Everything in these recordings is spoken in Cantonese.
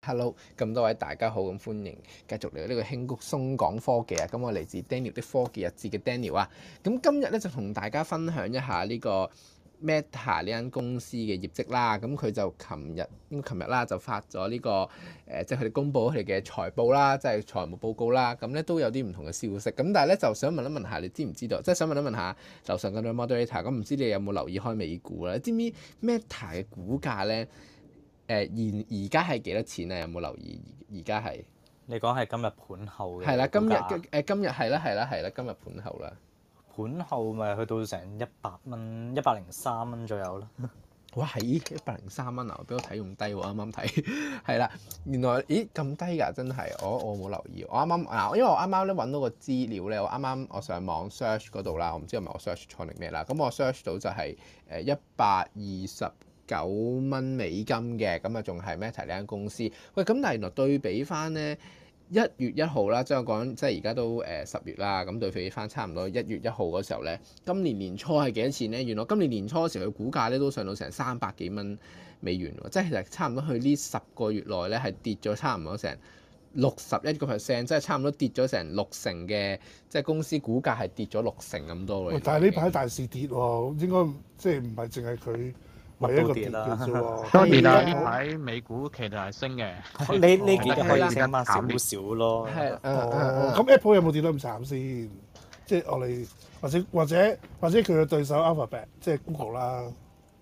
Hello，咁多位大家好，咁歡迎繼續嚟到呢個輕谷鬆港科技啊。咁我嚟自 Daniel 的科技日誌嘅 Daniel 啊，咁今日咧就同大家分享一下呢、這個。Meta 呢間公司嘅業績啦，咁佢就琴日因為琴日啦，就發咗呢、呢個誒、呃，即係佢哋公布佢哋嘅財報啦，即係財務報告啦，咁咧都有啲唔同嘅消息。咁但係咧就想問一問，問一下，你知唔知道？即係想問一問下樓上嗰位 Moderator，咁唔知你有冇留意開美股啦？知唔知 Meta 嘅股價咧？誒而而家係幾多錢啊？有冇留意而家係？你講係今日盤後嘅？係啦，今日誒今日係啦係啦係啦，今日盤後啦。盤後咪去到成一百蚊，一百零三蚊左右啦。哇！係，一百零三蚊啊，比我睇咁低喎。啱啱睇係啦，原來咦咁低㗎、啊，真係我我冇留意。我啱啱嗱，因為我啱啱咧揾到個資料咧，我啱啱我上網 search 嗰度啦，我唔知係咪我 search 錯定咩啦。咁我 search 到就係誒一百二十九蚊美金嘅，咁啊仲係 Meta 呢間公司。喂，咁但係原來對比翻咧。一月一號啦，即係我講即係而家都誒十月啦，咁對比翻差唔多一月一號嗰時候咧，今年年初係幾多錢咧？原來今年年初嗰時佢股價咧都上到成三百幾蚊美元喎，即係其實差唔多佢呢十個月內咧係跌咗差唔多成六十一個 percent，即係差唔多跌咗成六成嘅，即係公司股價係跌咗六成咁多咯。但係呢排大市跌喎，哦，應該即係唔係淨係佢。美股跌啦，當然啦，喺美股其實係升嘅。 你呢幾日可以慢少少咯。係的，咁、 哦、Apple 有冇跌得咁慘先？即係我哋或者或者或者佢嘅對手 Alphabet 即係 Google 啦。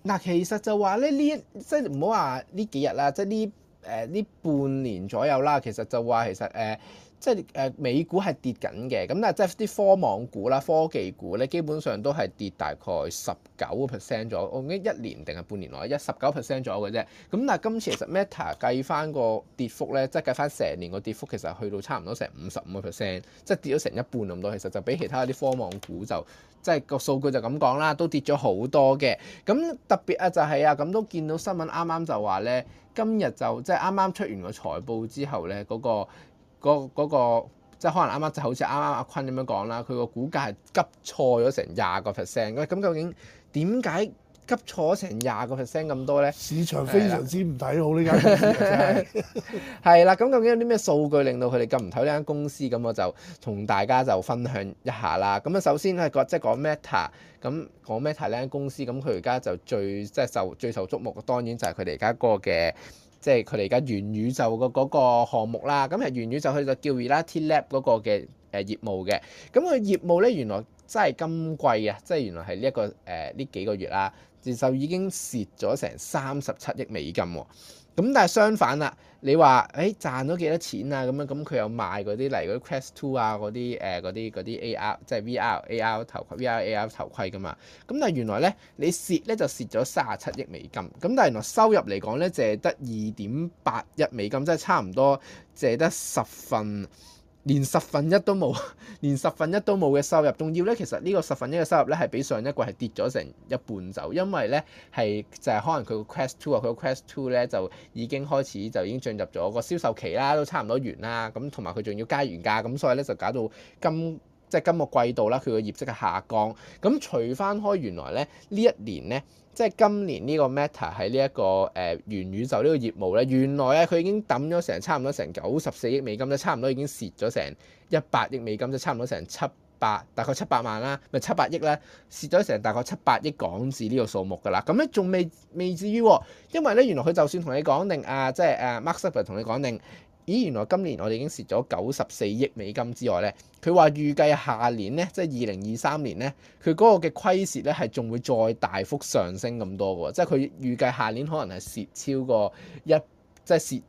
嗱、呃，其實就話咧，呢一即係唔好話呢幾日啦，即係呢誒呢半年左右啦。其實就話其實誒。呃即係誒，美股係跌緊嘅，咁但係即係啲科網股啦、科技股咧，基本上都係跌大概十九個 percent 咗。我唔記得一年定係半年內，一十九 percent 咗嘅啫。咁但係今次其實 Meta 計翻個跌幅咧，即係計翻成年個跌幅，其實去到差唔多成五十五個 percent，即係跌咗成一半咁多。其實就比其他啲科網股就即係個數據就咁講啦，都跌咗好多嘅。咁特別啊、就是，就係啊，咁都見到新聞啱啱就話咧，今日就即係啱啱出完個財報之後咧，嗰、那個。嗰嗰、嗰個即係可能啱啱就好似啱啱阿坤咁樣講啦，佢個股價係急挫咗成廿個 percent。咁究竟點解急挫咗成廿個 percent 咁多咧？市場非常之唔睇好呢間公司，係係啦。咁 究竟有啲咩數據令到佢哋咁唔睇呢間公司？咁我就同大家就分享一下啦。咁啊，首先咧、就是、講即係講 Meta，咁講 Meta 呢間公司，咁佢而家就最即係、就是、受最受注目，當然就係佢哋而家個嘅。即係佢哋而家元宇宙個嗰項目啦，咁係元宇宙佢就叫 Reality Lab 嗰個嘅誒業務嘅，咁佢業務咧原來真係今季啊，即係原來係呢一個誒呢、呃、幾個月啦，就已經蝕咗成三十七億美金喎。咁但係相反啦，你話誒、哎、賺咗幾多錢啊？咁樣咁佢又賣嗰啲嚟嗰啲 Quest Two 啊，嗰啲誒啲啲 AR 即係 VR, VR AR 頭盔、VR AR 頭盔噶嘛？咁但係原來咧，你蝕咧就蝕咗三十七億美金。咁但係原來收入嚟講咧，淨係得二點八億美金，即係差唔多借得十分。連十分一都冇，連十分一都冇嘅收入仲要咧。其實呢個十分一嘅收入咧，係比上一季係跌咗成一半，就因為咧係就係可能佢個 Quest Two 啊，佢個 Quest Two 咧就已經開始就已經進入咗個銷售期啦，都差唔多完啦。咁同埋佢仲要加原價，咁所以咧就搞到咁。即係今個季度啦，佢個業績係下降。咁除翻開原來咧，呢一年咧，即係今年呢個 Meta 喺呢一個誒、呃、元宇宙呢個業務咧，原來啊佢已經掟咗成差唔多成九十四億美金，就差唔多已經蝕咗成一百億美金，就差唔多成七百大概七百萬啦，咪七百億啦，蝕咗成大概七百億港紙呢個數目噶啦。咁咧仲未未至於、啊，因為咧原來佢就算同你講定啊，即係誒 Mark 同你講定。咦，原來今年我哋已經蝕咗九十四億美金之外咧，佢話預計下年咧，即係二零二三年咧，佢嗰個嘅虧蝕咧係仲會再大幅上升咁多喎，即係佢預計下年可能係蝕超過一，即係蝕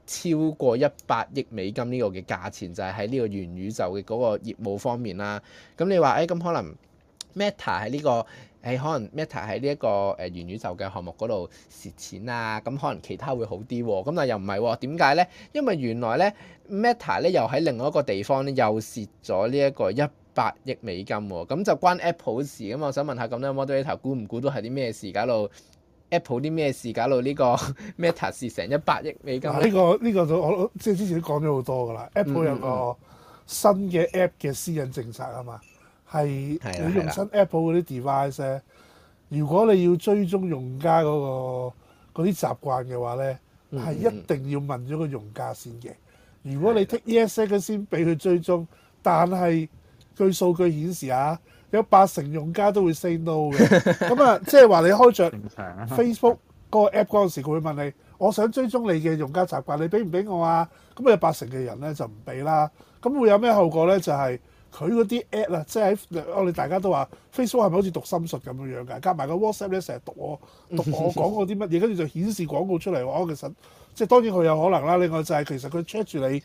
超過一百億美金呢個嘅價錢，就係喺呢個元宇宙嘅嗰個業務方面啦。咁你話，誒、哎，咁可能 Meta 喺呢、呢個？誒、哎、可能 Meta 喺呢一個誒元宇宙嘅項目嗰度蝕錢啊，咁可能其他會好啲喎、啊，咁但係又唔係喎，點解咧？因為原來咧 Meta 咧又喺另外一個地方咧又蝕咗呢一個一百億美金喎、啊，咁就關 Apple 事噶嘛、嗯。我想問下咁多 Model A 頭估唔估都係啲咩事？搞到 Apple 啲咩事？搞到呢個 Meta 蝕成一百億美金、啊？呢、啊這個呢、這個都我即係之前都講咗好多㗎啦。嗯嗯嗯 Apple 有個新嘅 App 嘅私隱政策啊嘛。係你用新 Apple 嗰啲 device 咧的，如果你要追蹤用家嗰、嗰個嗰啲習慣嘅話呢係、嗯、一定要問咗個用家先嘅。如果你 tick yes 咧先俾佢追蹤，但係據數據顯示啊，有八成用家都會 say no 嘅。咁啊， 即係話你開着 Facebook 嗰個 app 嗰陣時，佢會問你：我想追蹤你嘅用家習慣，你俾唔俾我啊？咁有八成嘅人呢就唔俾啦。咁會有咩後果呢？就係、是。佢嗰啲 app 啊，ad, 即係我哋大家都話 Facebook 係咪好似讀心術咁樣樣嘅？加埋個 WhatsApp 咧，成日讀我讀我講過啲乜嘢，跟住就顯示廣告出嚟。我、哦、其實即係當然佢有可能啦。另外就係其實佢 check 住你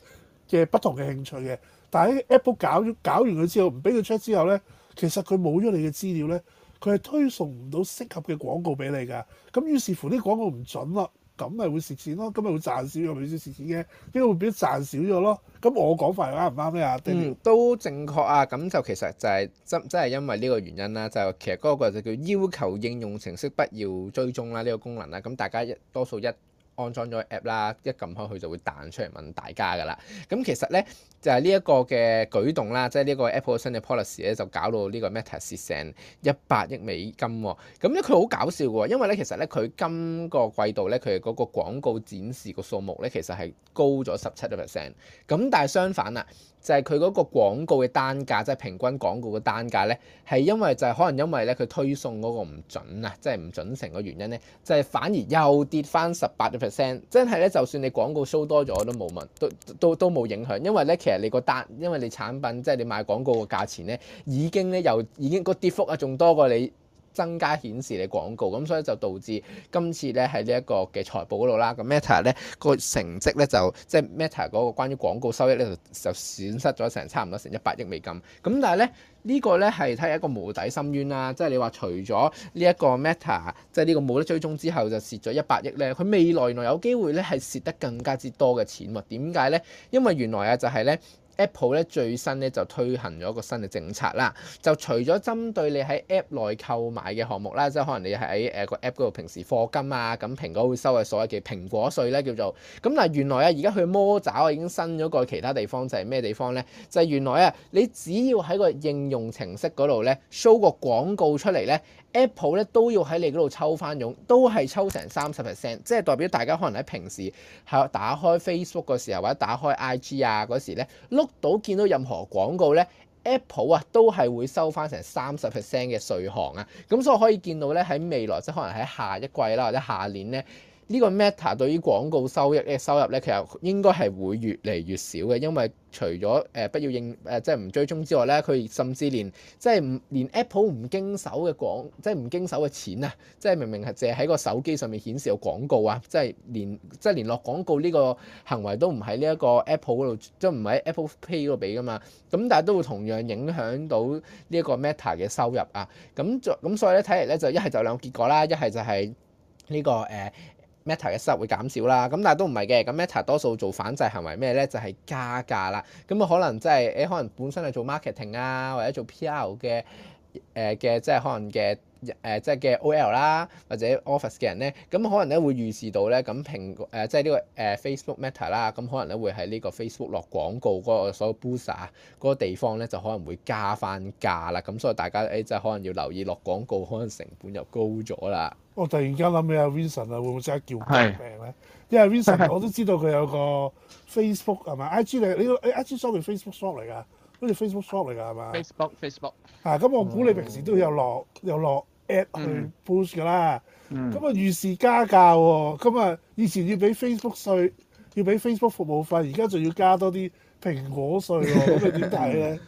嘅不同嘅興趣嘅。但係 Apple 搞咗搞完佢之後，唔俾佢 check 之後咧，其實佢冇咗你嘅資料咧，佢係推送唔到適合嘅廣告俾你嘅。咁於是乎啲廣告唔準啦。咁咪會蝕錢咯，咁咪會賺少咗，會唔會蝕錢嘅？應該會變咗賺少咗咯。咁我講法啱唔啱咩？阿爹，都正確啊。咁就其實就係真真係因為呢個原因啦。就係、其實嗰個就叫要求應用程式不要追蹤啦，呢、呢個功能啦。咁大家一多數一安裝咗 app 啦，一撳開佢就會彈出嚟問大家噶啦。咁其實咧。就係呢一個嘅舉動啦，即係呢個 Apple 新嘅 policy 咧，就搞到呢個 Meta 蝕成一百億美金喎。咁咧佢好搞笑喎，因為咧其實咧佢今個季度咧佢嘅嗰個廣告展示個數目咧，其實係高咗十七個 percent。咁但係相反啦，就係佢嗰個廣告嘅單價，即係平均廣告嘅單價咧，係因為就係可能因為咧佢推送嗰個唔準啊，即係唔準成嘅原因咧，就係反而又跌翻十八個 percent。真係咧，就算你廣告 show 多咗都冇問，都都都冇影響，因為咧其實。你個單，因為你產品即係、就是、你賣廣告嘅價錢咧，已經咧由已經個跌幅啊，仲多過你，增加顯示你廣告，咁所以就導致今次咧喺呢一個嘅財報嗰度啦。咁 Meta 咧、嗰個成績咧就即係、就係、Meta 嗰個關於廣告收益咧就就損失咗成差唔多成一百億美金。咁但係咧呢、呢個咧係睇下一個無底深淵啦。即、就、係、係、你話除咗呢一個 Meta 即係呢個冇得追蹤之後就蝕咗一百億咧，佢未來原來有機會咧係蝕得更加之多嘅錢喎。點解咧？因為原來啊就係咧。Apple 咧最新咧就推行咗個新嘅政策啦，就除咗針對你喺 App 內購買嘅項目啦，即係可能你喺誒個 App 嗰度平時課金啊，咁蘋果會收嘅所謂嘅蘋果稅咧叫做，咁嗱原來啊而家佢魔爪啊已經伸咗個其他地方就係、是、咩地方咧？就係原來啊你只要喺個應用程式嗰度咧 show 個廣告出嚟咧。Apple 咧都要喺你嗰度抽翻傭，都係抽成三十 percent，即係代表大家可能喺平時喺打開 Facebook 嗰時候或者打開 IG 啊嗰時咧碌到見到任何廣告咧，Apple 啊都係會收翻成三十 percent 嘅稅項啊，咁所以我可以見到咧喺未來即係可能喺下一季啦或者下年咧。呢個 Meta 對於廣告收益嘅、這個、收入咧，其實應該係會越嚟越少嘅，因為除咗誒不要應誒即係唔追蹤之外咧，佢甚至連即係唔連 Apple 唔經手嘅廣即係唔經手嘅錢啊，即係明明係淨係喺個手機上面顯示有廣告啊，即係連即係連落廣告呢個行為都唔喺呢一個 Apple 嗰度，即係唔喺 Apple Pay 嗰度俾噶嘛。咁但係都會同樣影響到呢一個 Meta 嘅收入啊。咁就咁所以咧，睇嚟咧就一係就兩個結果啦，一係就係呢、這個誒。呃 Meta 嘅收入會減少啦，咁但係都唔係嘅，咁 Meta 多數做反制行為咩咧？就係、是、加價啦。咁啊，可能即係誒，可能本身係做 marketing 啊，或者做 PR 嘅誒嘅，即、呃、係、就是、可能嘅誒，即係嘅 OL 啦，或者 office 嘅人咧，咁可能咧會預示到咧，咁蘋果誒即係呢個誒、呃、Facebook Meta 啦，咁可能咧會喺呢個 Facebook 落廣告嗰個所有 booster 嗰個地方咧，就可能會加翻價啦。咁所以大家誒即係可能要留意落廣告，可能成本又高咗啦。我突然間諗起阿 Vincent 啊，會唔會即刻叫病咧？因為 Vincent 我都知道佢有個 Facebook 係嘛？I G 你你 I G shop 定 Facebook shop 嚟㗎？好似 Facebook shop 嚟㗎係嘛？Facebook Facebook 啊，咁我估你平時都有落有落 ad 去 boost 㗎啦。咁啊，於是加價喎。咁啊，以前要俾 Facebook 稅，要俾 Facebook 服務費，而家仲要加多啲蘋果稅喎。咁你點睇咧？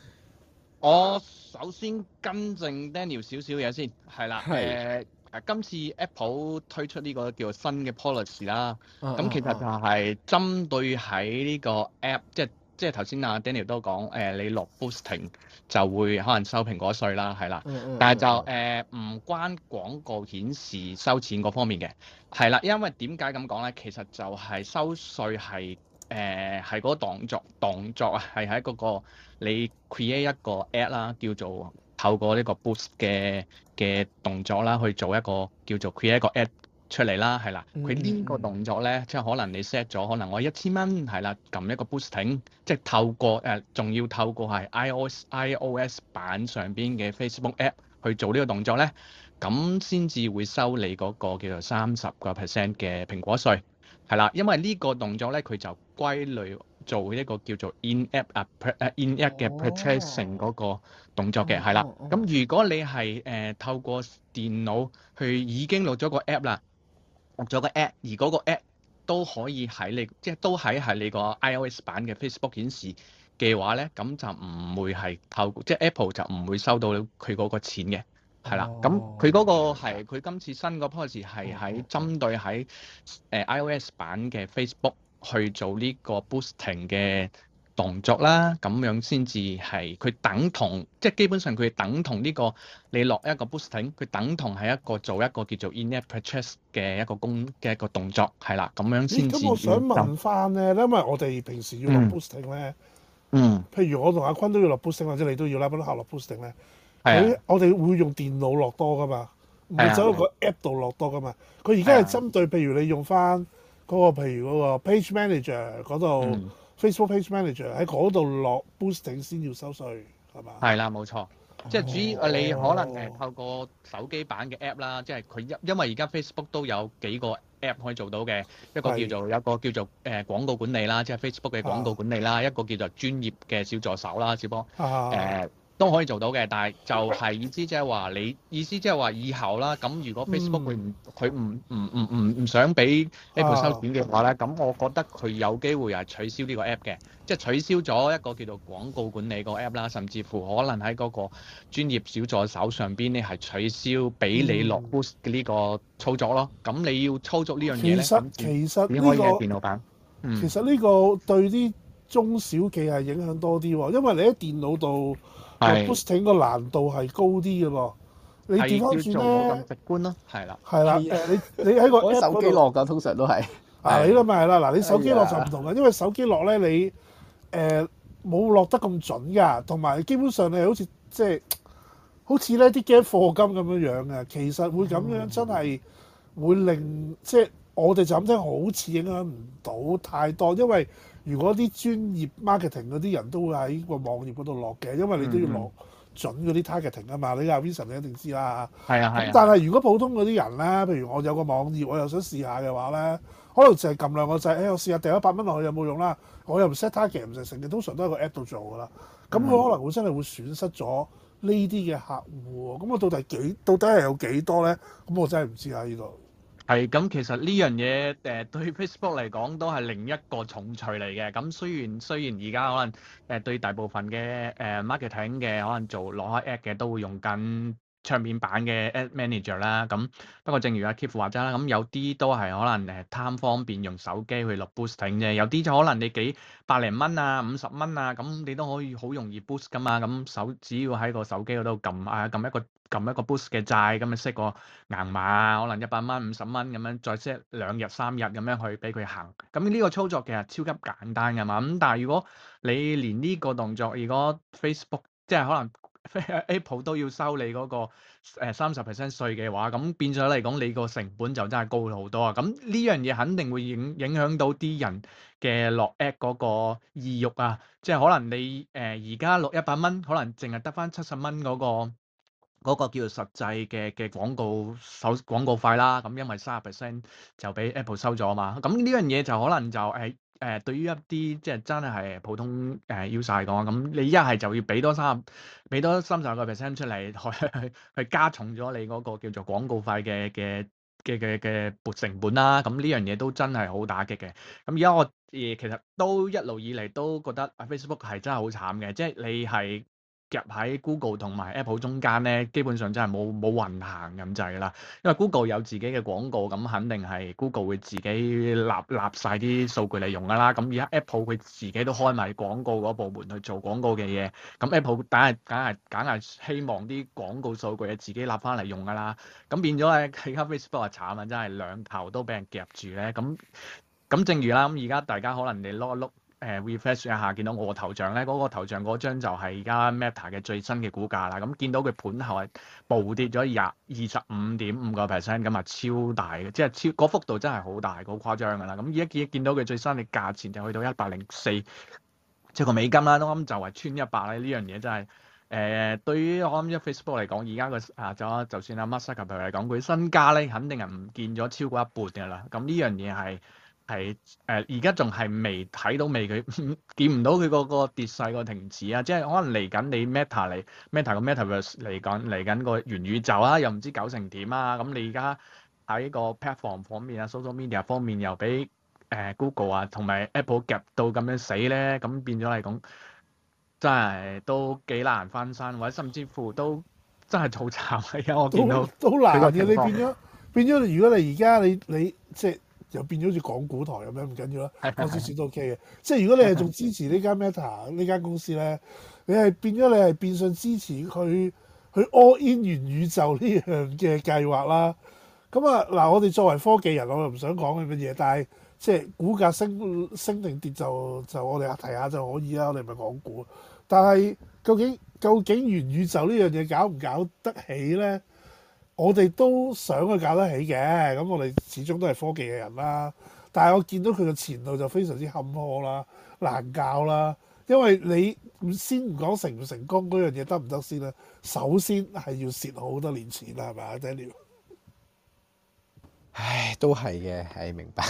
我首先更正 Daniel 少少嘢先係啦，誒。今次 Apple 推出呢個叫做新嘅 policy 啦，咁、oh, oh, oh, oh. 其實就係針對喺呢個 app，即係即係頭先阿 Daniel 都講，誒、呃、你落 boosting 就會可能收蘋果稅啦，係啦，oh, oh, oh, oh. 但係就誒唔、呃、關廣告顯示收錢嗰方面嘅，係啦，因為點解咁講咧？其實就係收稅係誒係嗰個動作動作啊、那個，係喺嗰個你 create 一個 app 啦，叫做。透過呢個 boost 嘅嘅動作啦，去做一個叫做 create 一個 app 出嚟啦，係啦，佢呢個動作咧，即係可能你 set 咗，可能我一千蚊係啦，撳一個 boosting，即係透過誒，仲要透過係 iOS iOS 版上邊嘅 Facebook app 去做呢個動作咧，咁先至會收你嗰個叫做三十個 percent 嘅蘋果稅，係啦，因為呢個動作咧，佢就歸類。做一個叫做 in app 啊，in app 嘅 purchasing 嗰個動作嘅，係啦。咁如果你係誒透過電腦去已經落咗個 app 啦，落咗個 app，而嗰個 app 都可以喺你，即係都喺係你個 iOS 版嘅 Facebook 顯示嘅話咧，咁就唔會係透過，即係 Apple 就唔會收到佢嗰個錢嘅，係啦。咁佢嗰個係佢今次新個 post 係喺針對喺誒 iOS 版嘅 Facebook。去做呢個 boosting 嘅動作啦，咁樣先至係佢等同，即係基本上佢等同呢、呢個你落一個 boosting，佢等同係一個做一個叫做 in-app purchase 嘅一個工嘅一個動作，係啦，咁樣先至。咁我想問翻咧，因為我哋平時要落 boosting 咧、嗯，嗯，譬如我同阿坤都要落 boosting，或者你都要拉賓客落 boosting 咧，係，我哋會用電腦落多㗎嘛，唔、啊啊、會走入個 app 度落多㗎嘛，佢而家係針對、啊、譬如你用翻。嗰個譬如嗰個 page manager 嗰度、嗯、Facebook page manager 喺嗰度落 boosting 先要收稅，係嘛？係啦，冇錯。哦、即係主要你可能透過手機版嘅 app 啦，即係佢因因為而家 Facebook 都有幾個 app 可以做到嘅是，一個叫做有個叫做誒廣告管理啦，即係 Facebook 嘅廣告管理啦，啊、一個叫做專業嘅小助手啦，小波、啊呃都可以做到嘅，但係就係意思即係話你意思即係話以後啦。咁如果 Facebook 佢唔佢唔唔唔唔唔想俾 Apple 收錢嘅話咧，咁、啊、我覺得佢有機會係取消呢個 App 嘅，即係取消咗一個叫做廣告管理個 App 啦，甚至乎可能喺嗰個專業小助手上邊咧係取消俾你落 Boost 嘅呢個操作咯。咁、嗯、你要操作呢樣嘢其實，你可以喺電腦版。其實呢、呢個嗯、個對啲中小企係影響多啲喎、哦，因為你喺電腦度。Boosting 個難度係高啲嘅喎，你點翻轉咧？係冇咁直觀咯。係啦，係 啦樂，你你喺個手機落㗎，通常都係啊，你諗咪係啦。嗱、就是，你手機落就唔同嘅，因為手機落咧你誒冇落得咁準㗎，同埋基本上你好似即係好似咧啲驚貨金咁樣樣嘅，其實會咁樣真係會令 即係我哋就咁聽，好似影響唔到太多，因為。如果啲專業 marketing 嗰啲人都會喺個網頁嗰度落嘅，因為你都要落準嗰啲 targeting 啊嘛。你阿 Vincent 你一定知啦。係啊係、啊嗯。咁但係如果普通嗰啲人咧，譬如我有個網頁，我又想試下嘅話咧，可能淨係撳兩個掣，誒、欸、我試下掟一百蚊落去有冇用啦。我又唔 set target 唔 s 成日，通常都喺個 app 度做㗎啦。咁、嗯、佢是、啊、可能會真係會損失咗呢啲嘅客戶、哦。咁、嗯、我、嗯嗯、到底幾到底係有幾多咧？咁、嗯、我真係唔知喺呢度。係，咁、嗯、其實呢樣嘢誒對 Facebook 嚟講都係另一個重槌嚟嘅。咁、嗯、雖然雖然而家可能誒對大部分嘅誒 marketing 嘅可能做攞開 ad 嘅都會用緊桌面版嘅 ad manager 啦。咁不過正如阿 Keep 話齋啦，咁、嗯、有啲都係可能誒貪方便用手機去落 boosting 啫。有啲就可能你幾百零蚊啊、五十蚊啊，咁你都可以好容易 boost 㗎嘛。咁、嗯、手只要喺個手機嗰度撳啊撳一個，撳一個 boost 嘅債，咁啊 set 個硬碼可能一百蚊、五十蚊咁樣，再 set 兩日、三日咁樣去俾佢行。咁呢個操作其實超級簡單嘅嘛。咁但係如果你連呢個動作，如果 Facebook 即係可能 Apple 都要收你嗰個三十 percent 稅嘅話，咁變咗嚟講，你個成本就真係高咗好多啊。咁呢樣嘢肯定會影影響到啲人嘅落 app 嗰個意欲啊。即係可能你誒而家落一百蚊，可能淨係得翻七十蚊嗰個。嗰個叫做實際嘅嘅廣告收廣告費啦，咁、嗯、因為三十 percent 就俾 Apple 收咗啊嘛，咁、嗯、呢樣嘢就可能就誒誒、呃呃、對於一啲即係真係係普通誒 user 嚟講，咁、呃嗯、你一係就要俾多三十俾多三十個 percent 出嚟，去 去去加重咗你嗰個叫做廣告費嘅嘅嘅嘅嘅撥成本啦，咁、嗯、呢樣嘢都真係好打擊嘅。咁而家我誒、呃、其實都一路以嚟都覺得 Facebook 係真係好慘嘅，即係你係。夾喺 Google 同埋 Apple 中間咧，基本上真係冇冇運行咁滯啦。因為 Google 有自己嘅廣告，咁肯定係 Google 會自己立立曬啲數據嚟用噶啦。咁而家 Apple 佢自己都開埋廣告嗰部門去做廣告嘅嘢，咁 Apple 梗係梗係梗係希望啲廣告數據嘢自己立翻嚟用噶啦。咁變咗咧，而家 Facebook 係慘啊！真係兩頭都俾人夾住咧。咁咁正如啦，咁而家大家可能你碌一碌。誒、uh, refresh 一下，見到我個頭像呢、那個頭像咧，嗰個頭像嗰張就係而家 Meta 嘅最新嘅股價啦。咁、嗯、見到佢盤後係暴跌咗廿二十五點五個 percent，咁啊超大嘅，即係超嗰幅度真係好大，好誇張㗎啦。咁而家見一見到佢最新嘅價錢就去到一百零四，即係個美金啦。都啱就係穿一百啦，呢樣嘢真係誒、呃、對於我諗 Facebook 嚟講，而家個啊咗，就算阿 Mark Zuckerberg 嚟講，佢身家咧肯定係唔見咗超過一半㗎啦。咁呢樣嘢係。係誒，而家仲係未睇到未佢 見唔到佢嗰個跌勢個停止啊！即係可能嚟緊你 Meta 嚟 Meta 個 Metaverse 嚟講嚟緊個元宇宙啊，又唔知搞成點啊！咁你而家喺個 platform 方面啊，social media 方面又俾誒、呃、Google 啊同埋 Apple 夾到咁樣死咧，咁變咗嚟講，真係都幾難翻身，或者甚至乎都真係做慘啊！我見到都，都難嘅，你變咗變咗。如果你而家你你即係。就是又變咗好似講股台咁樣，唔緊要啦，多少少都 OK 嘅。即係如果你係仲支持呢間 Meta 呢間公司咧，你係變咗你係變相支持佢去 All In 元宇宙呢樣嘅計劃啦。咁啊嗱，我哋作為科技人，我又唔想講佢乜嘢，但係即係股價升升定跌就就我哋提下就可以啦。我哋唔係講股，但係究竟究竟元宇宙呢樣嘢搞唔搞得起咧？我哋都想佢教得起嘅，咁我哋始終都係科技嘅人啦。但係我見到佢嘅前路就非常之坎坷啦，難教啦。因為你先唔講成唔成功嗰樣嘢得唔得先啦，首先係要蝕好多年錢啦，係咪啊，Daniel？唉，都係嘅，係明白。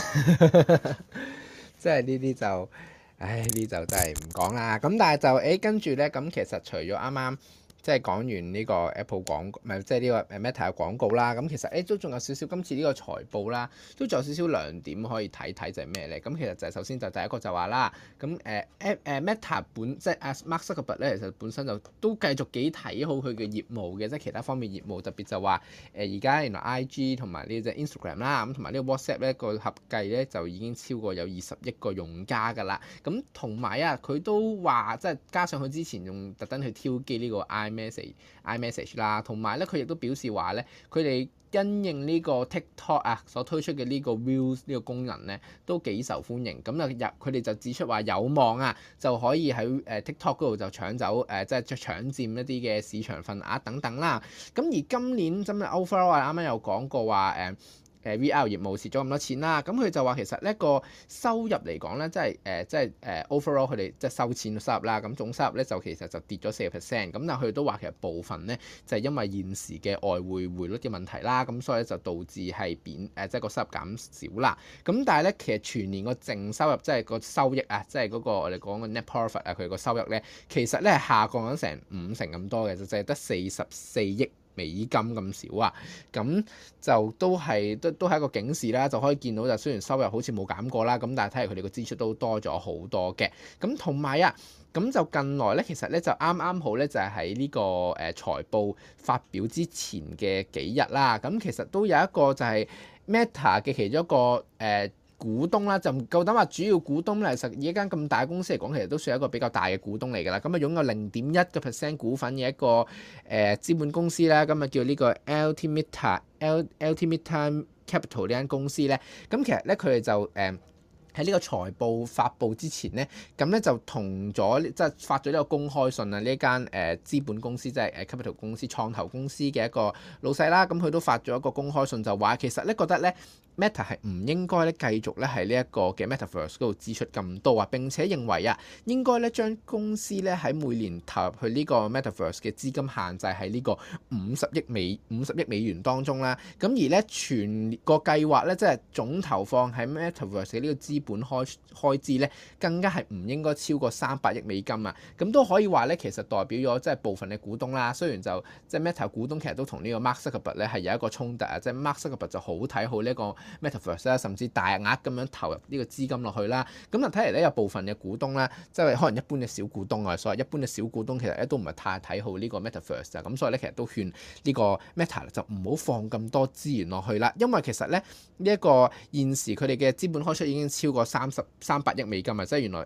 即係呢啲就，唉，呢就真係唔講啦。咁但係就，誒，跟住咧，咁其實除咗啱啱。即係講完呢個 Apple 廣告，唔係即係呢個 Meta 嘅廣告啦。咁其實誒都仲有少少今次呢個財報啦，都仲有少少亮點可以睇睇就係咩咧？咁其實就係首先就第一個就話啦，咁誒誒、啊啊、Meta 本即係 As Mark Zuckerberg 咧，其實本身就都繼續幾睇好佢嘅業務嘅，即係其他方面業務特別就話誒而家原來 IG 同埋呢隻 Instagram 啦，咁同埋呢個 WhatsApp 咧個合計咧就已經超過有二十億個用家㗎啦。咁同埋啊，佢都話即係加上佢之前用特登去挑機呢個 I。message、iMessage 啦，同埋咧佢亦都表示話咧，佢哋因應呢個 TikTok 啊所推出嘅呢個 Views 呢個功能咧，都幾受歡迎。咁啊入佢哋就指出話有望啊，就可以喺誒 TikTok 嗰度就搶走誒，即、呃、係、就是、搶佔一啲嘅市場份額等等啦。咁而今年咁啊，Overflow 啊啱啱有講過話誒。呃誒 VR 業務蝕咗咁多錢啦，咁佢就話其實呢一、個收入嚟講呢，即係誒、呃、即係 overall 佢哋即係收錢嘅收入啦，咁總收入呢，就其實就跌咗四 percent，咁但係佢都話其實部分呢，就係、是、因為現時嘅外匯匯率嘅問題啦，咁所以咧就導致係貶即係個收入減少啦，咁但係呢，其實全年個淨收入即係個收益啊，即係嗰個我哋講嘅 net profit 啊，佢個收入呢，其實呢，下降咗成五成咁多嘅，就淨係得四十四億。美金咁少啊，咁就都係都都係一個警示啦，就可以見到就雖然收入好似冇減過啦，咁但係睇嚟佢哋個支出都多咗好多嘅。咁同埋啊，咁就近來咧，其實咧就啱啱好咧就係喺呢個誒財報發表之前嘅幾日啦，咁其實都有一個就係 Meta 嘅其中一個誒。呃股東啦，就唔夠膽話主要股東啦。其實以一間咁大公司嚟講，其實都算係一個比較大嘅股東嚟㗎啦。咁啊，擁有零點一個 percent 股份嘅一個誒資本公司啦。咁啊，叫呢個 Altimeter、Altimeter Capital 呢間公司咧。咁其實咧，佢哋就誒喺呢個財報發布之前咧，咁咧就同咗即係發咗呢個公開信啊。呢間誒資本公司即係、就、誒、是、capital 公司、創投公司嘅一個老細啦。咁佢都發咗一個公開信就，就話其實咧覺得咧。Meta 係唔應該咧繼續咧喺呢一個嘅 Metaverse 度支出咁多啊！並且認為啊，應該咧將公司咧喺每年投入去呢個 Metaverse 嘅資金限制喺呢個五十億美五十億美元當中啦。咁而咧全個計劃咧，即係總投放喺 Metaverse 嘅呢個資本開開支咧，更加係唔應該超過三百億美金啊！咁都可以話咧，其實代表咗即係部分嘅股東啦。雖然就即係 Meta 股東其實都同呢個 Mark Zuckerberg 咧係有一個衝突啊，即係 Mark Zuckerberg 就好睇好呢、這、一個。MetaVerse 啦，met verse，甚至大額咁樣投入呢個資金落去啦，咁啊睇嚟咧有部分嘅股東啦，即、就、係、是、可能一般嘅小股東啊，所謂一般嘅小股東其實咧都唔係太睇好呢個 MetaVerse 啊，咁所以咧其實都勸呢個 Meta 就唔好放咁多資源落去啦，因為其實咧呢一、這個現時佢哋嘅資本開出已經超過三十三百億美金啊，即係原來。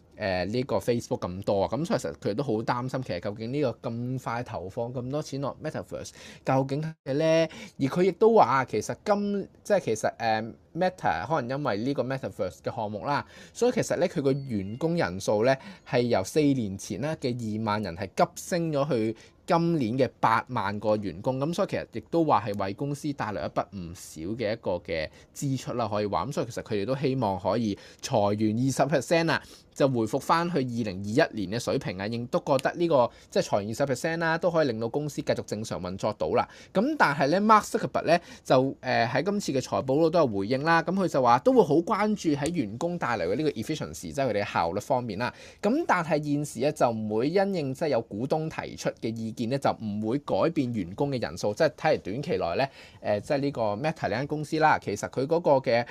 誒呢個 Facebook 咁多啊，咁所以其實佢哋都好擔心。其實究竟呢個咁快投放咁多錢落 Metaverse，究竟係咧？而佢亦都話其實今即係其實誒 Meta 可能因為呢個 Metaverse 嘅項目啦，所以其實咧佢個員工人數咧係由四年前咧嘅二萬人係急升咗去今年嘅八萬個員工。咁所以其實亦都話係為公司帶來一筆唔少嘅一個嘅支出啦，可以話。咁所以其實佢哋都希望可以裁員二十 percent 啊！就回復翻去二零二一年嘅水平啊，亦都覺得呢、這個即係財二十 percent 啦，都可以令到公司繼續正常運作到啦。咁但係咧，Mark Zuckerberg 咧就誒喺、呃、今次嘅財報度都有回應啦。咁、嗯、佢就話都會好關注喺員工帶嚟嘅呢個 efficiency，即係佢哋嘅效率方面啦。咁但係現時咧就唔會因應即係有股東提出嘅意見咧，就唔會改變員工嘅人數。即係睇嚟短期內咧誒，即係呢個 Meta 呢間公司啦，其實佢嗰個嘅。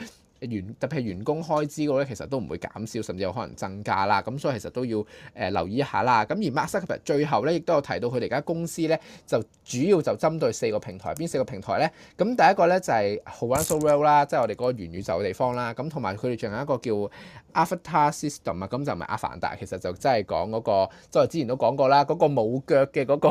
員特別係員工開支嗰度咧，其實都唔會減少，甚至有可能增加啦。咁所以其實都要誒、呃、留意一下啦。咁而 Meta 其實最後咧，亦都有提到佢哋而家公司咧，就主要就針對四個平台，邊四個平台咧？咁第一個咧就係、是、Horizon Worlds 啦，即係我哋嗰個元宇宙嘅地方啦。咁同埋佢哋仲有一個叫 Avatar System 啊，咁就唔係阿凡達，其實就真係講嗰、那個，即係之前都講過啦，嗰、那個冇腳嘅嗰個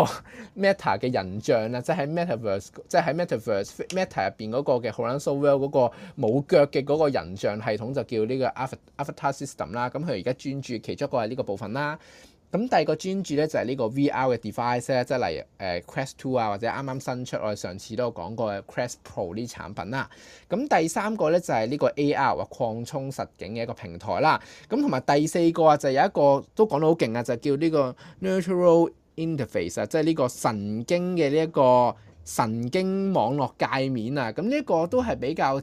Meta 嘅人像啊，即、就、係、是、Metaverse，即係喺 Metaverse Meta 入邊嗰個嘅 Horizon Worlds 嗰個冇腳嘅嗰個人像系統就叫呢個 Avatar System 啦，咁佢而家專注其中一個係呢個部分啦。咁第二個專注咧就係、是、呢個 VR 嘅 device 啊，即係例如誒 Quest Two 啊，或者啱啱新出我哋上次都有講過嘅 Quest Pro 呢啲產品啦。咁第三個咧就係、是、呢個 AR 或擴充實境嘅一個平台啦。咁同埋第四個就有一個都講得好勁啊，就叫呢個 Neural Interface 啊，即係呢個神經嘅呢一個神經網絡界面啊。咁呢個都係比較。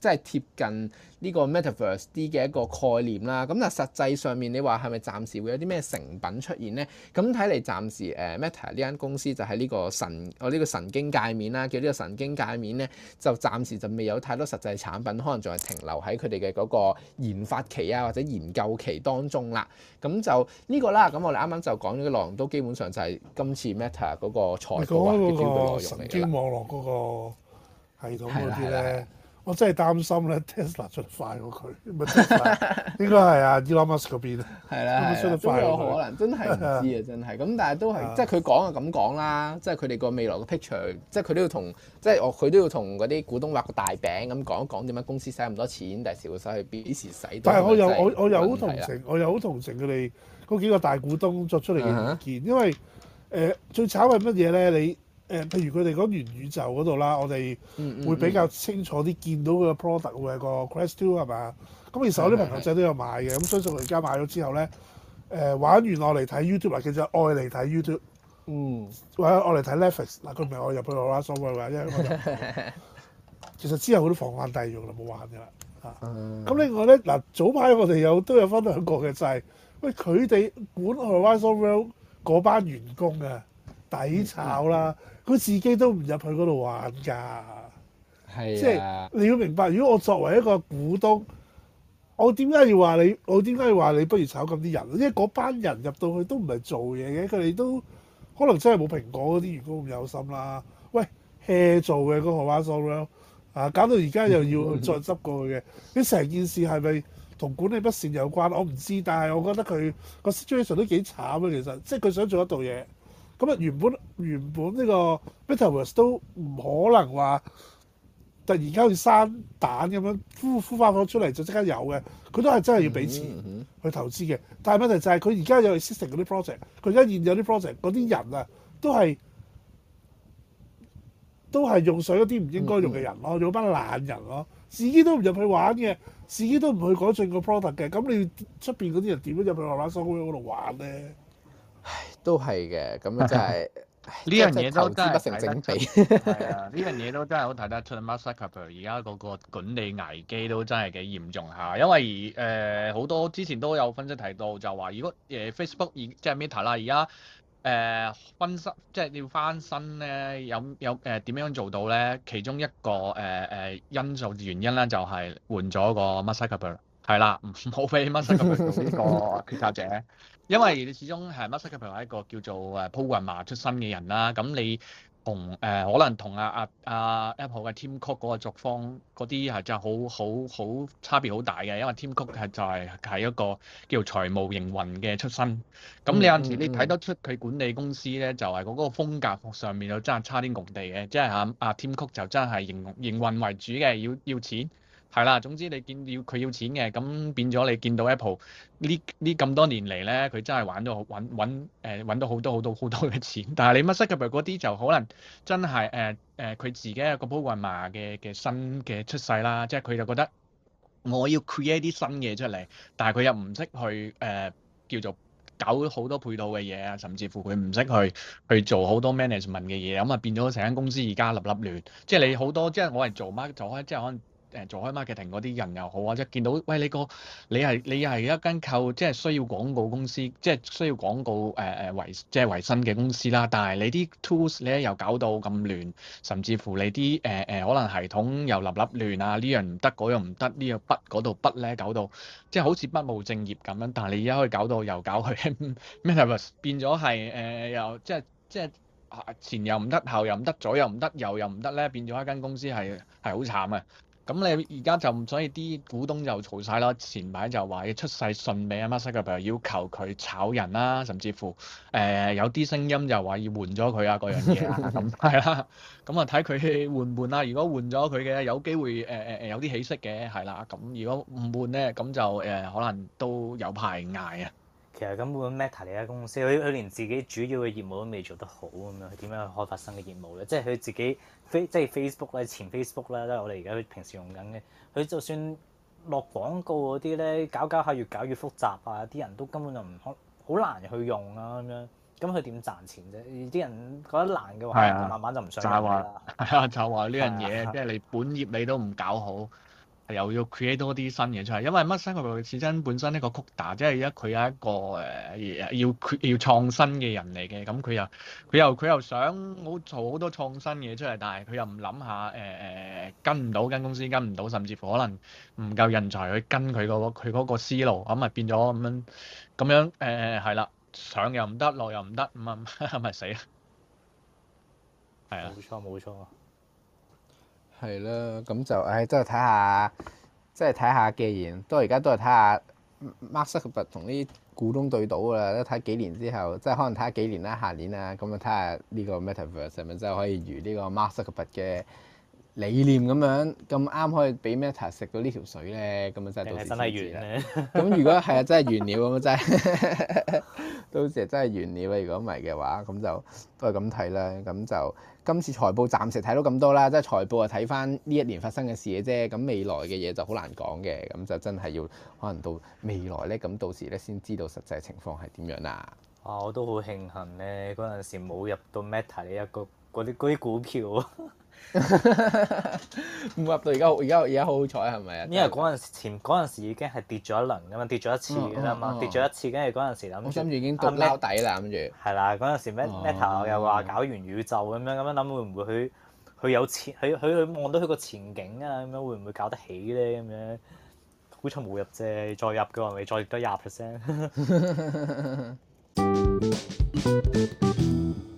即係貼近呢個 metaverse 啲嘅一個概念啦，咁但實際上面你話係咪暫時會有啲咩成品出現呢？咁睇嚟暫時誒 Meta 呢間公司就喺呢個神呢、哦呢個神經界面啦，叫呢個神經界面呢，就暫時就未有太多實際產品，可能仲係停留喺佢哋嘅嗰個研發期啊或者研究期當中啦。咁就呢個啦，咁我哋啱啱就講咗嘅內容都基本上就係今次 Meta 嗰個財報話嘅主要內容嚟㗎啦。神經網絡嗰個系統嗰啲咧。我真係擔心咧，Tesla 出得快過佢， 應該係啊，Elon Musk 嗰邊啊，係啦， 出得快過可能真係唔知啊，真係。咁的但係都係的，即係佢講就咁講啦。即係佢哋個未來嘅 picture，即係佢都要同，即係我佢都要同嗰啲股東畫個大餅，咁講一講點解公司使咁多錢，第時會使去邊？幾時使？到？但係我又我我又好同情，我又好同情佢哋嗰幾個大股東作出嚟嘅意見，嗯、因為誒、呃、最慘係乜嘢咧？你誒，譬、呃、如佢哋講元宇宙嗰度啦，嗯嗯嗯我哋會比較清楚啲見到佢嘅 product 會係個 Quest Two 係嘛？咁其實我啲朋友仔都有買嘅，咁相信我而家買咗之後咧，誒、呃、玩完我嚟睇 YouTube，或者就愛嚟睇 YouTube，或者愛嚟睇 Netflix，啊。嗱，佢唔係我入去我拉手嘅因為 其實之後佢都放慢帶入啦，冇玩嘅啦。嚇、啊！咁、嗯嗯、另外咧，嗱早排我哋有都有分享過嘅就係，喂佢哋管 Horizon World 嗰班員工嘅。抵炒啦！佢自己都唔入去嗰度玩㗎，係、啊、即係你要明白。如果我作為一個股東，我點解要話你？我點解要話你不如炒咁啲人？因為嗰班人入到去都唔係做嘢嘅，佢哋都可能真係冇蘋果嗰啲員工咁有心啦。喂，hea 做嘅、嗰個河馬喪啊，搞到而家又要再執過去嘅。 你成件事係咪同管理不善有關？我唔知，但係我覺得佢個 situation 都幾慘啊。其實，即係佢想做一度嘢。咁啊，原本原本呢個 Metaverse 都唔可能話突然間好似生蛋咁樣孵孵化放出嚟就即刻有嘅，佢都係真係要俾錢去投資嘅。但係問題就係佢而家有係 system 嗰啲 project，佢而家現有啲 project 嗰啲人啊，都係都係用上一啲唔應該用嘅人咯，用班懶人咯，自己都唔入去玩嘅，自己都唔去改進個 product 嘅。咁你出邊嗰啲人點樣入去拉斯維加斯嗰度玩咧？都係嘅，咁啊真係呢樣嘢都真係投資不成正比。係啊，呢樣嘢都真係好睇得出。Meta 而家嗰個管理危機都真係幾嚴重嚇，因為誒好多之前都有分析提到，就話如果誒 Facebook 即係 Meta 啦，而家誒翻新即係要翻新咧，有有誒點、呃、樣做到咧？其中一個誒誒、呃、因素原因咧，就係、是、換咗個 Meta。係啦，唔好俾乜 u s 呢個決策者， 因為你始終係乜 u s 係一個叫做誒 programmer 出身嘅人啦。咁你同誒、呃、可能同阿阿阿 Apple 嘅 Tim Cook 嗰個作風嗰啲係真係好好好差別好大嘅，因為 Tim Cook 係就係喺一個叫做財務營運嘅出身。咁你有陣時你睇得出佢管理公司咧，就係、是、嗰個風格上面真、就是啊啊、就真係差天共地嘅，即係嚇阿 Tim Cook 就真係營營運為主嘅，要要錢。係啦，總之你見要佢要錢嘅，咁變咗你見到 Apple 呢呢咁多年嚟咧，佢真係玩咗好揾揾誒揾到好多好多好多嘅錢。但係你乜塞腳嗰啲就可能真係誒誒，佢自己一個 programmer 嘅嘅新嘅出世啦，即係佢就覺得我要 create 啲新嘢出嚟，但係佢又唔識去誒叫做搞好多配套嘅嘢啊，甚至乎佢唔識去去做好多 management 嘅嘢，咁啊變咗成間公司而家立立亂。即係你好多即係我係做乜做開即係可能。誒做開 marketing 嗰啲人又好啊，即係見到，喂你個你係你係一間購，即係需要廣告公司，即係需要廣告誒誒維即係維生嘅公司啦。但係你啲 tools 咧、呃、又搞到咁亂，甚至乎你啲誒誒可能系統又立立亂啊，呢樣唔得，嗰樣唔得，呢個不嗰度不咧搞到，即係好似不務正業咁樣。但係你而家可以搞到又搞去 metaverse，變咗係誒又即係即係前又唔得，後又唔得，左又唔得，右又唔得咧，變咗一間公司係係好慘啊。咁你而家就所以啲股東就嘈晒啦，前排就話要出世信俾阿 Mark 要求佢炒人啦，甚至乎誒、呃、有啲聲音就話要換咗佢啊，嗰樣嘢啊咁，係啦， 咁啊睇佢換唔換啦，如果換咗佢嘅有機會誒誒誒有啲起色嘅，係啦，咁如果唔換咧，咁就誒、呃、可能都有排捱啊。其實根本 Meta 你間公司，佢佢連自己主要嘅業務都未做得好咁樣，佢點樣去開發新嘅業務咧？即係佢自己，即係 Facebook 咧、前 Facebook 咧，都係我哋而家平時用緊嘅。佢就算落廣告嗰啲咧，搞搞下越搞越複雜啊！啲人都根本就唔好，好難去用啊咁樣。咁佢點賺錢啫？啲人覺得難嘅話，啊、慢慢就唔想就。就係、是、啊，就話呢樣嘢，即係你本業你都唔搞好。又要 create 多啲新嘢出嚟，因為麥生始真身本身呢個 curator 即係而家佢有一個誒、呃、要要創新嘅人嚟嘅，咁佢又佢又佢又想好做好多創新嘢出嚟，但係佢又唔諗下誒誒、呃、跟唔到跟公司跟唔到，甚至乎可能唔夠人才去跟佢、嗰個佢嗰思路，咁、嗯、咪變咗咁樣咁樣誒係啦，上又唔得，落又唔得，咁啊咪死啊！係啊，冇錯冇錯。的係啦，咁就誒，即係睇下，即係睇下，既然都而家都係睇下 Mark Zuckerberg 同啲股東對賭啦，睇下幾年之後，即係可能睇下幾年啦，下年啊，咁啊睇下呢個 Metaverse 係咪真係可以如呢個 Mark Zuckerberg 嘅理念咁樣咁啱可以俾 Meta 食到呢條水咧，咁啊真係到， 到時真係完咧。咁如果係啊，真係完了，咁啊真係，到時真係完了。如果唔係嘅話，咁就都係咁睇啦。咁就今次財報暫時睇到咁多啦，即係財報啊睇翻呢一年發生嘅事嘅啫。咁未來嘅嘢就好難講嘅，咁就真係要可能到未來咧，咁到時咧先知道實際情況係點樣啦。啊，我都好慶幸咧，嗰陣時冇入到 Meta 呢、這、一個嗰啲嗰啲股票。冇入到而家，而家而家好好彩係咪啊？是是因為嗰陣時前嗰陣時已經係跌咗一輪咁嘛，跌咗一次噶啦嘛，跌咗一次，跟住嗰陣時諗住，已經抄底啦，諗住、啊。係啦，嗰陣、啊、時 Meta 又話搞元宇宙咁樣，咁樣諗會唔會佢佢有前，佢佢佢望到佢個前景啊，咁樣會唔會搞得起咧？咁樣好彩冇入啫，再入嘅話咪再跌多廿 percent。